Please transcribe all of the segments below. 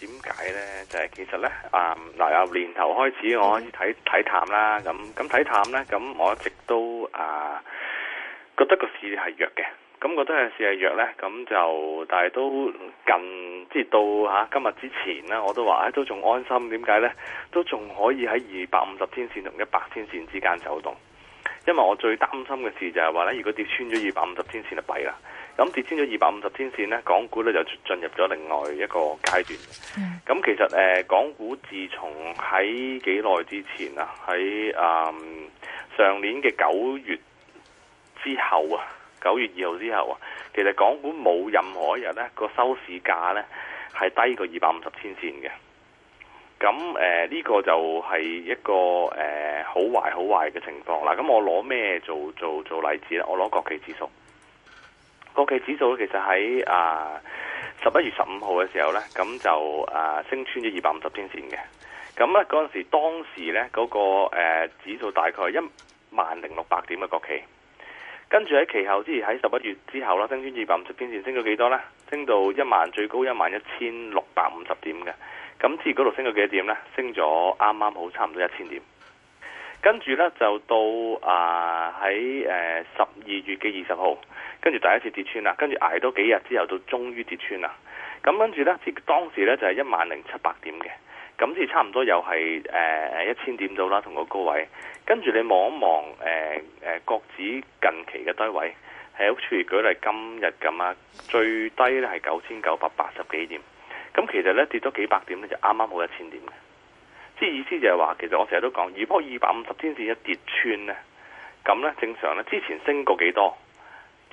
點解呢？就係、是、其實呢，啊，嗱由年頭開始我可以睇睇淡啦。咁咁睇淡呢，咁我一直都啊，覺得個市係弱嘅。咁覺得係市係弱呢，咁就但係都近，即係到吓、啊、今日之前呢，我都話，都仲安心。點解呢？都仲可以喺二百五十天線同一百天線之間走動。因為我最擔心嘅事就係話呢，如果跌穿咗二百五十天線就弊啦。咁跌穿咗二百五十天線呢，港股咧就進入咗另外一個階段。咁其實、呃、港股自從喺幾耐之前啊，喺、嗯、上年嘅九月之後啊，九月二號之後啊，其實港股冇任何一日呢個收市價呢係低過二百五十天線嘅。咁、呃、呢個就係一個、呃、好壞好壞嘅情況。嗱，咁我攞咩做做做例子呢？我攞國企指數。國企指數其實喺啊十一月十五號嘅時候咧，咁就誒升穿咗二百五十天線嘅。咁咧，嗰陣時當時咧嗰個誒指數大概一萬零六百點嘅國企。跟住喺其後，即係喺十一月之後啦，升穿二百五十天線，升咗幾多呢？升到一萬，最高一萬一千六百五十點嘅。咁之後嗰度升咗幾多點咧？升咗啱啱好差唔多一千點。跟住呢，就到啊喺誒十二月嘅二十號。跟住第一次跌穿啦，跟住挨多幾日之後，就終於跌穿啦。咁跟住呢，即當時呢，就係一萬零七百點嘅，咁即差唔多又係誒一千點度啦，同個高位。跟住你望一望誒誒國指近期嘅低位，係好似舉例今日咁啊，最低呢係九千九百八十幾點。咁其實呢，跌咗幾百點呢，就啱啱冇一千點嘅。即意思就係話，其實我成日都講，如果二百五十天線一跌穿呢，咁呢正常呢，之前升過幾多？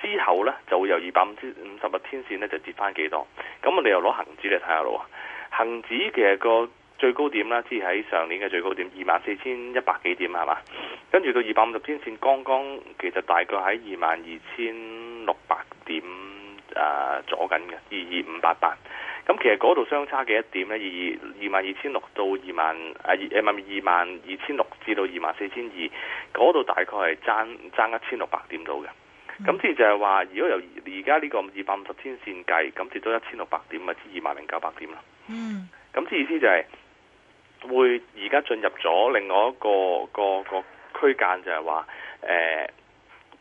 之後呢，就會由二百五十五十日天線呢，就跌翻幾多，咁我哋又攞恒指嚟睇下咯。恒指其實個最高點啦，即係喺上年嘅最高點二萬四千一百幾點係嘛，跟住到二百五十天線剛剛其實大概喺二萬二千六百點誒左緊嘅二二五八八，咁、呃、其實嗰度相差嘅一點呢，二二萬二千六到二萬誒二萬二千六至到二萬四千二，嗰度大概係爭爭一千六百點到嘅。咁即係就係話，如果由而家呢個二百五十天線計，咁跌到一千六百點，咪至二萬零九百點咯。嗯。咁即意思就係、是，會而家進入咗另外一個一個一個區間，就係話，誒，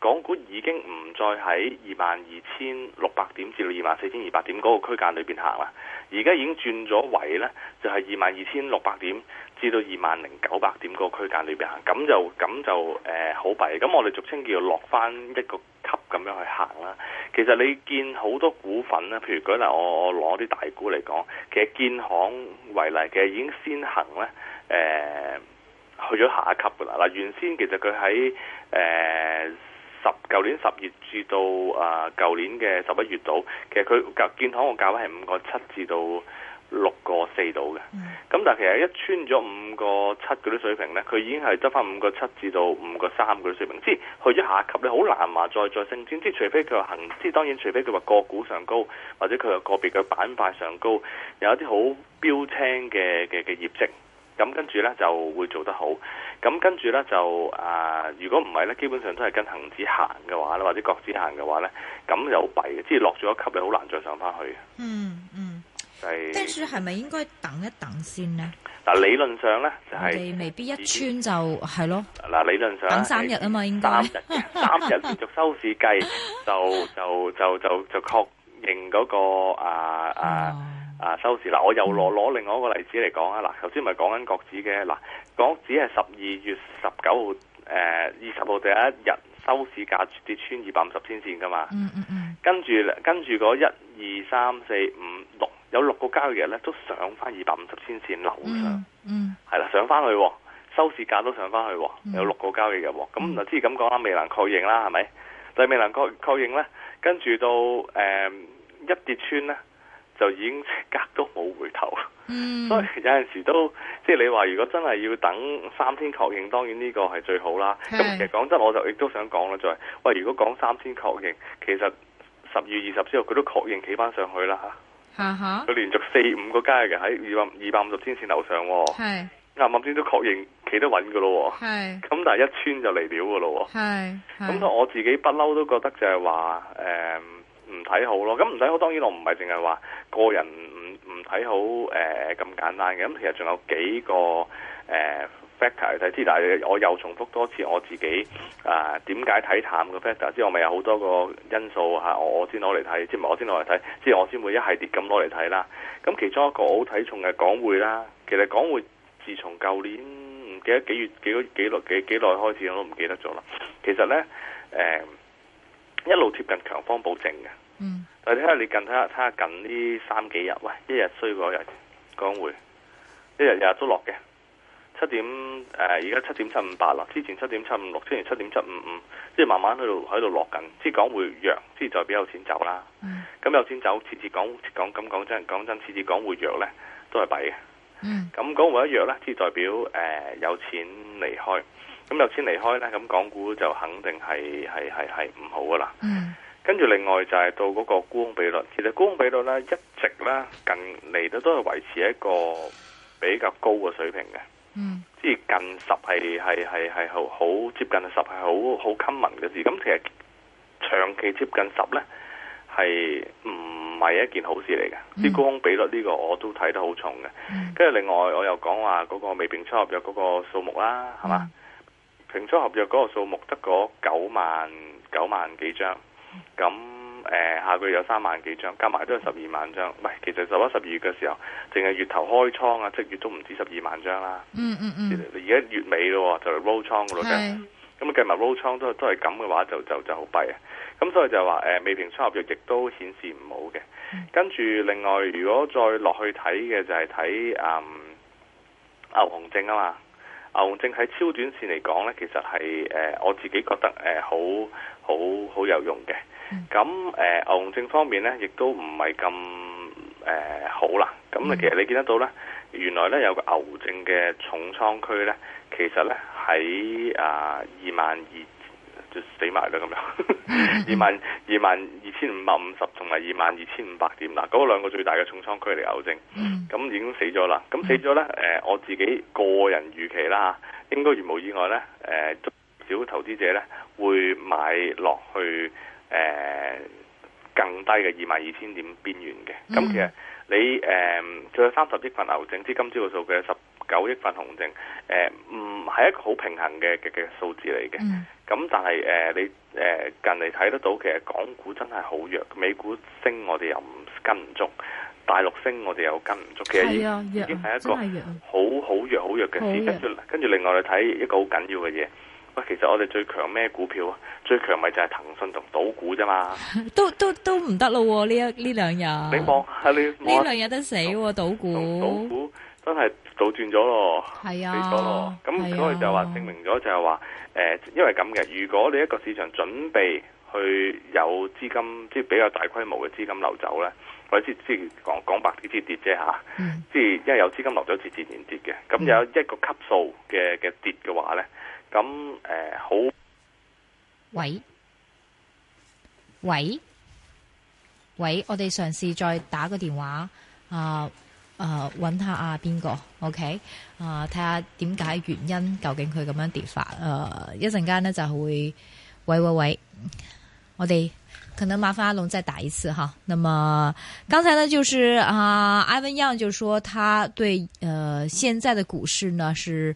港股已經唔再喺二萬二千六百點至到二萬四千二百點嗰個區間裏邊行啦。而家已經轉咗位呢，就係二萬二千六百點至到二萬零九百點嗰個區間裏邊行，咁就咁就誒好弊。咁、呃、我哋俗稱叫做落翻一個。咁樣去行啦，其實你見好多股份咧，譬如舉例，我攞啲大股嚟講，其實建行為例嘅已經先行呢，誒、呃、去咗下一級嘅啦。嗱，原先其實佢喺誒十舊年十月至到啊舊年嘅十一月度，其實佢價建行個價位係五個七至到。四度嘅，咁但係其實一穿咗五個七嗰啲水平呢，佢已經係執翻五個七至到五個三嗰啲水平，即係去咗下一級你好難話再再升穿，即係除非佢話行，即係當然除非佢話個股上高，或者佢話個別嘅板塊上高，有一啲好標青嘅嘅嘅業績，咁跟住呢就會做得好，咁跟住呢，就啊，如果唔係呢，基本上都係跟恆指行嘅話咧，或者國指行嘅話呢，咁就好弊嘅，即係落咗一級你好難再上翻去嗯。嗯。跟住係咪應該等一等先呢？嗱、就是，理論上咧就係未必一穿就係咯。嗱，理論上等三日啊嘛，應該，應該三日三日連續收市計， 就就就就就確認嗰、那個啊啊、哦、啊收市嗱。我又攞攞另外一個例子嚟講啊，嗱，頭先咪講緊國指嘅嗱，國指係十二月十九號誒二十號第一日收市價跌穿二百五十天線噶嘛，嗯嗯嗯，跟住跟住嗰一二三四五六。有六個交易日咧，都上翻二百五十千線樓上，嗯，係、嗯、啦，上翻去，收市價都上翻去，有六個交易日喎。咁、嗯、嗱，即係咁講啦，未能確認啦，係咪？但係未能確認咧，跟住到誒、嗯、一跌穿咧，就已經即刻都冇回頭。嗯，所以有陣時都即係你話，如果真係要等三天確認，當然呢個係最好啦。咁其實講真，我就亦都想講啦，就係、是、喂，如果講三天確認，其實十月二,二十之後佢都確認企翻上去啦吓。啊哈！佢 連續四五個街嘅，喺二百二百五十天線樓上，啱啱先都確認企得穩嘅咯。係咁，但係一穿就嚟料嘅咯。係咁，我自己不嬲都覺得就係話誒唔睇好咯。咁唔睇好，當然我唔係淨係話個人唔唔睇好誒咁、呃、簡單嘅。咁其實仲有幾個誒。呃 factor 嚟睇，之但係我又重複多次我自己啊，點解睇淡個 factor？即我咪有好多個因素嚇，啊，我先攞嚟睇，即唔係我先攞嚟睇，即，即係，我先會一系列咁攞嚟睇啦。咁其中一個好睇重嘅港匯啦，其實港匯自從舊年唔記得幾月幾月幾耐幾幾耐開始，我都唔記得咗啦。其實咧誒，嗯、一路貼近強方保證嘅，嗯，但睇下你近睇下睇下近呢三幾日，喂，一日衰過一日港匯，一日日都落嘅。七點誒，而家七點七五八啦，之前七點七五六，之前七點七五五，即係慢慢喺度喺度落緊。即係港匯弱，即係代表有錢走啦。咁、mm. 有錢走，次講次講講咁講真，講真次次港匯弱呢，都係弊嘅。咁港匯一弱呢，即係代表誒、呃、有錢離開。咁有錢離開呢，咁港股就肯定係係係係唔好噶啦。跟、mm. 住另外就係到嗰個沽空比率，其實沽空比率呢，一直呢，近嚟咧都係維持一個比較高嘅水平嘅。近是是是是是很接近十係係係係好好接近十係好好 common 嘅事，咁其實長期接近十呢，係唔係一件好事嚟嘅？啲、嗯、沽空比率呢個我都睇得好重嘅，跟住另外我又講話嗰個未平倉合約嗰個數目啦，係、嗯、嘛？平倉合約嗰個數目得嗰九萬九萬幾張，咁。誒，下個月有三萬幾張，加埋都係十二萬張。喂，其實十一、十二月嘅時候，淨係月頭開倉啊，即月都唔止十二萬張啦。嗯嗯嗯。而家月尾咯，就係 roll 倉嗰度嘅。咁計埋 roll 倉都都係咁嘅話，就就就好弊啊。咁所以就話誒，未平倉合約亦都顯示唔好嘅。Mm-hmm. 跟住另外，如果再落去睇嘅就係睇誒，牛熊證啊嘛。牛熊證喺超短線嚟講咧，其實係誒，我自己覺得誒，好好好有用嘅。咁、嗯、誒、呃、牛證方面咧，亦都唔係咁誒好啦。咁啊，其實你見得到咧，原來咧有個牛證嘅重倉區咧，其實咧喺啊二萬二就死埋啦咁樣，二萬二萬二千五百五十，同埋二萬、嗯、二千五百點啦。嗰兩個最大嘅重倉區嚟牛證，咁、嗯、已經死咗啦。咁死咗咧，誒、嗯呃、我自己個人預期啦，應該如無意外咧，誒、呃、少投資者咧會買落去。誒、呃，更低嘅二萬二千點邊緣嘅，咁、嗯、其實你誒，仲、呃、有三十億份牛證，至今朝嘅數字有十九億份熊證，誒、呃，唔、嗯、係一個好平衡嘅嘅嘅數字嚟嘅，咁、嗯、但係誒、呃，你誒、呃、近嚟睇得到，其實港股真係好弱，美股升我哋又唔跟唔足，大陸升我哋又跟唔足其實，已經係一個好好、啊、弱好弱嘅市，跟住另外你睇一個好緊要嘅嘢。喂，其實我哋最強咩股票啊？最強咪就係騰訊同賭股啫嘛。都都都唔得咯！呢一呢兩日，你望下呢兩日得死喎、啊，賭股。賭，賭股真係倒轉咗咯。係啊。死咗咯？咁所以就話證明咗就係話誒，因為咁嘅。如果你一個市場準備去有資金，即係比較大規模嘅資金流走咧，或者即係講講白啲，即跌啫嚇。即係因為有資金流走漸漸，節自然跌嘅。咁有一個級數嘅嘅跌嘅話咧。咁誒、呃，好。喂喂喂，我哋嘗試再打個電話啊、呃呃、啊，搵下啊邊個，OK 啊、呃，睇下點解原因，究竟佢咁樣跌法？誒、呃，一陣間呢就會，喂喂喂，我哋可能麻煩阿龍再打一次哈。那麼剛才呢，就是啊、呃、，Ivan Young 就說他對誒、呃、現在嘅股市呢是。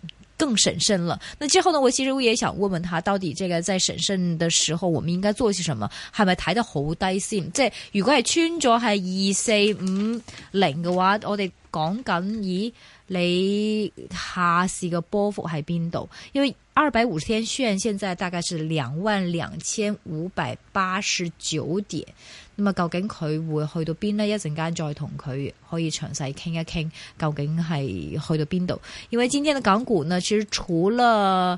更審慎了。那之後呢？我其實我也想問問他，到底這個在審慎的時候，我們應該做些什麼？係咪睇得好低線即係如果係穿咗係二四五零嘅話，我哋講緊，咦，你下市嘅波幅喺邊度？因為二百五十天線現在大概是兩萬兩千五百八十九點。咁啊，究竟佢會去到邊咧？一陣間再同佢可以詳細傾一傾，究竟係去到邊度？因為今天的港股呢，其實除了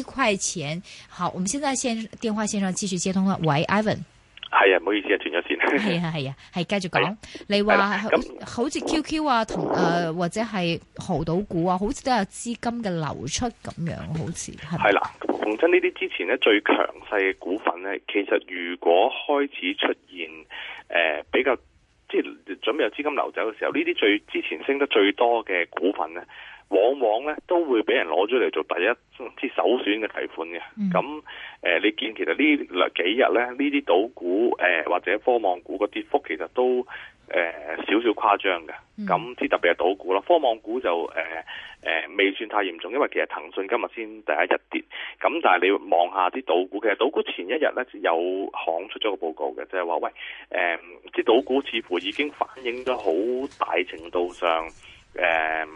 塊錢，好，我們現在線電話線上繼續接通啦。喂，Ivan，係啊，唔好意思了 啊，斷咗線。係啊係啊，係繼續講，啊。你話咁，好似 QQ 啊，同誒或者係濠賭股啊，好似，嗯、都有資金嘅流出咁樣，好似係。係啦，逢親呢啲之前咧最強勢嘅股份咧，其實如果開始出現誒、呃、比較即係準備有資金流走嘅時候，呢啲最之前升得最多嘅股份咧。往往咧都會俾人攞咗嚟做第一即首選嘅提款嘅。咁誒，你見其實呢兩幾日咧，呢啲賭股誒或者科網股嘅跌幅其實都誒少少誇張嘅。咁即特別係賭股啦，科網股就誒誒未算太嚴重，因為其實騰訊今日先第一日跌。咁但係你望下啲賭股，其實賭股前一日咧有行出咗個報告嘅，就係話喂誒，啲賭股似乎已經反映咗好大程度上誒。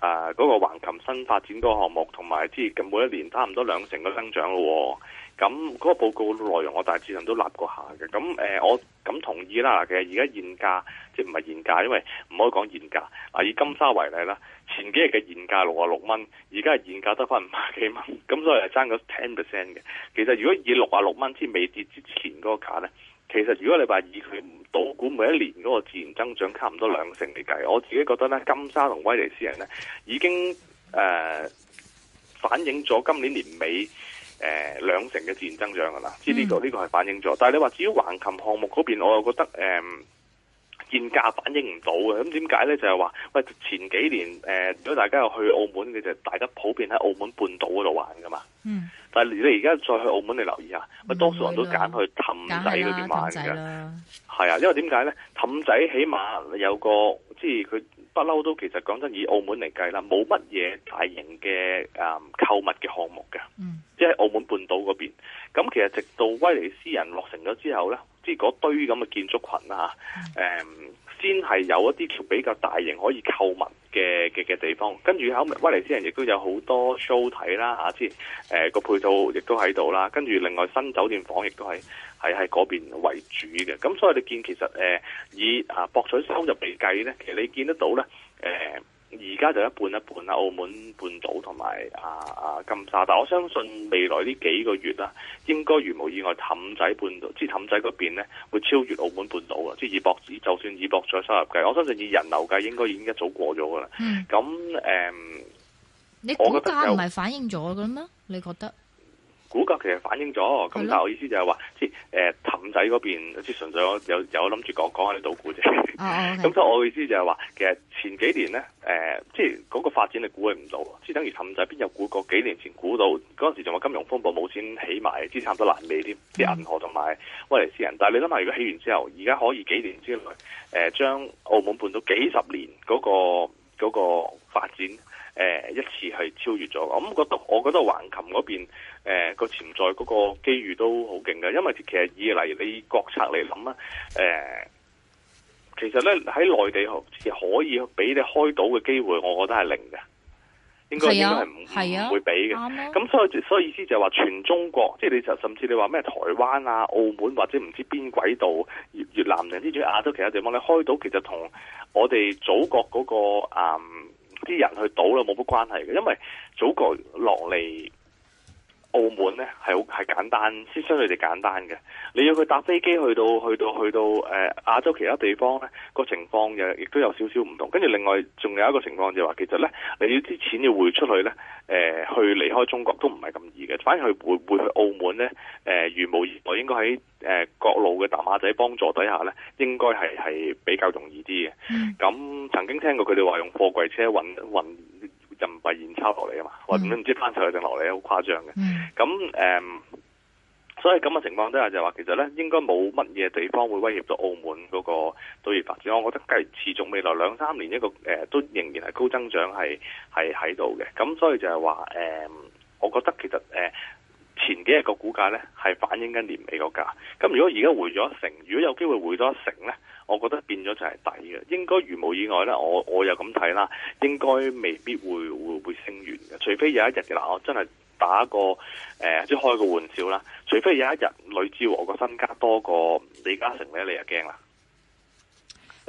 啊！嗰、那個橫琴新發展嗰個項目，同埋即係每一年差唔多兩成嘅增長咯、哦。咁嗰個報告內容，我大致上都立過下嘅。咁誒、呃，我咁同意啦。其實而家現價，即係唔係現價，因為唔可以講現價。啊，以金沙為例啦，前幾日嘅現價六啊六蚊，而家係現價得返五十幾蚊，咁所以係爭咗 ten percent 嘅。其實如果以六啊六蚊之未跌之前嗰個價咧。其實，如果你話以佢到估，每一年嗰個自然增長差唔多兩成嚟計，我自己覺得呢金沙同威尼斯人呢已經誒、呃、反映咗今年年尾誒、呃、兩成嘅自然增長噶啦。知呢、呢個呢、呢個係反映咗，但係你話至於橫琴項目嗰邊，我又覺得誒、呃、現價反映唔到嘅。咁點解呢？就係、是、話喂，前幾年誒、呃，如果大家有去澳門，你就是、大家普遍喺澳門半島嗰度玩噶嘛。嗯，但係你而家再去澳門你留意一下，喂，多數人都揀去氹仔嗰邊買嘅，係啊，因為點解咧？氹仔起碼有個，即係佢。不嬲都其實講真，以澳門嚟計啦，冇乜嘢大型嘅誒購物嘅項目嘅，即係澳門半島嗰邊。咁其實直到威尼斯人落成咗之後咧，即係嗰堆咁嘅建築群啊，誒，先係有一啲條比較大型可以購物嘅嘅嘅地方。跟住後，威尼斯人亦都有好多 show 睇啦嚇，即係誒個配套亦都喺度啦。跟住另外新酒店房亦都係。係喺嗰邊為主嘅，咁所以你見其實誒、呃、以啊博彩收入嚟計咧，其實你見得到咧，誒，而家就一半一半啊澳門半島同埋啊啊金沙，但我相信未來呢幾個月啊，應該如無意外氹仔半島即係氹仔嗰邊咧會超越澳門半島啊。即係以博彩就算以博彩收入計，我相信以人流計應該已經一早過咗噶啦。咁、嗯、誒、嗯，你股價唔係反映咗噶咩？你覺得？股價其實反映咗，咁但係我意思就係話，是誒、呃，氹仔嗰邊，即係純粹有有諗住講講下啲賭股啫。咁所以我意思就係話，其實前幾年咧，誒、呃，即係嗰個發展你估係唔到，即係等於氹仔邊有估過？幾年前估到嗰陣時仲有金融風暴冇錢起埋，資產，都難爛添，啲銀河同埋威尼斯人。但係你諗下，如果起完之後，而家可以幾年之內，誒、呃，將澳門半島幾十年嗰、那個嗰、那個發展？誒一次係超越咗，我咁覺得，我覺得橫琴嗰邊誒個潛在嗰個機遇都好勁㗎，因為其實以嚟你以國策嚟諗啦，誒其實咧喺內地好似可以俾你開島嘅機會，我覺得係零嘅，應該應該唔會俾嘅。咁所以所以意思就係話，全中國即係你就甚至你話咩台灣啊、澳門或者唔知邊鬼度、越，越南定之主亞洲其他地方咧開島其實同我哋祖國嗰、嗰個、嗯啲人去賭啦，冇乜關係嘅，因為祖國落嚟。澳門咧係好係簡單，先相對哋簡單嘅。你要佢搭飛機去到去到去到誒亞、呃、洲其他地方咧，個情況又亦都有少少唔同。跟住另外仲有一個情況就係話，其實咧你要啲錢要匯出去咧，誒、呃、去離開中國都唔係咁易嘅。反而去匯回去澳門咧，誒、呃、如無意外應該喺誒各路嘅大馬仔幫助底下咧，應該係係比較容易啲嘅。咁、mm. 曾經聽過佢哋話用貨櫃車運運。運係現抄落嚟啊嘛，我唔知翻去定落嚟，好誇張嘅。咁、嗯、誒、嗯，所以咁嘅情況底下，就話其實咧，應該冇乜嘢地方會威脅到澳門嗰個多元發展。我覺得繼持續未來兩三年，一個誒、呃、都仍然係高增長，係係喺度嘅。咁所以就係話誒，我覺得其實誒、呃、前幾日個股價咧係反映緊年尾個價。咁如果而家回咗一成，如果有機會回多一成咧。我覺得變咗就係抵嘅，應該如無意外咧，我我又咁睇啦，應該未必會會會升完嘅，除非有一日嘅啦我真係打個誒、呃、即係開個玩笑啦，除非有一日呂志和個身家多過李嘉誠咧，你又驚啦？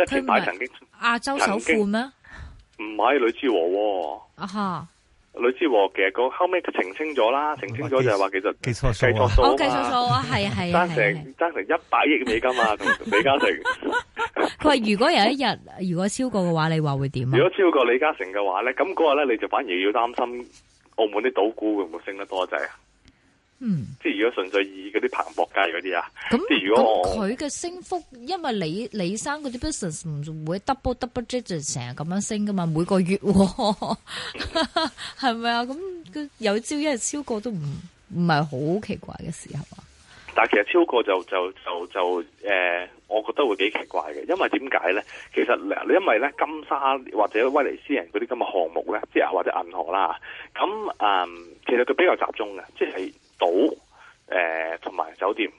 即係買曾經亞洲首富咩？唔係呂志和喎、哦。啊哈。類似其實個後尾佢澄清咗啦，澄清咗就係話其實計錯數啊，計錯數啊，係啊係啊，是是是是爭成 爭成一百億美金啊，同李嘉誠。佢話如果有一日如果超過嘅話，你話會點啊？如果超過李嘉誠嘅話咧，咁嗰日咧，你就反而要擔心澳門啲賭股會唔會升得多滯啊？嗯，即係如果純粹以嗰啲彭博街嗰啲啊，咁如果佢嘅升幅，因為李李生嗰啲 business 唔會 double double digit 就成日咁樣升噶嘛，每個月係咪啊？咁、嗯、個 有朝一日超過都唔唔係好奇怪嘅時候啊！但係其實超過就就就就誒、呃，我覺得會幾奇怪嘅，因為點解咧？其實咧，因為咧，金沙或者威尼斯人嗰啲咁嘅項目咧，即係或者銀河啦，咁嗯、呃，其實佢比較集中嘅，即係。島誒，同、呃、埋酒店，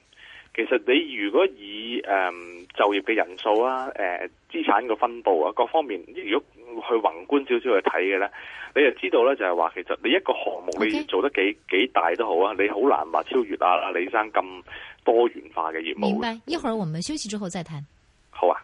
其實你如果以誒、呃、就業嘅人數啊，誒、呃、資產嘅分布啊，各方面，如果去宏觀少少去睇嘅咧，你就知道咧，就係話其實你一個項目你做得幾、Okay. 幾大都好啊，你好難話超越啊。阿李生咁多元化嘅業務。明白，一會兒我們休息之後再談。好啊。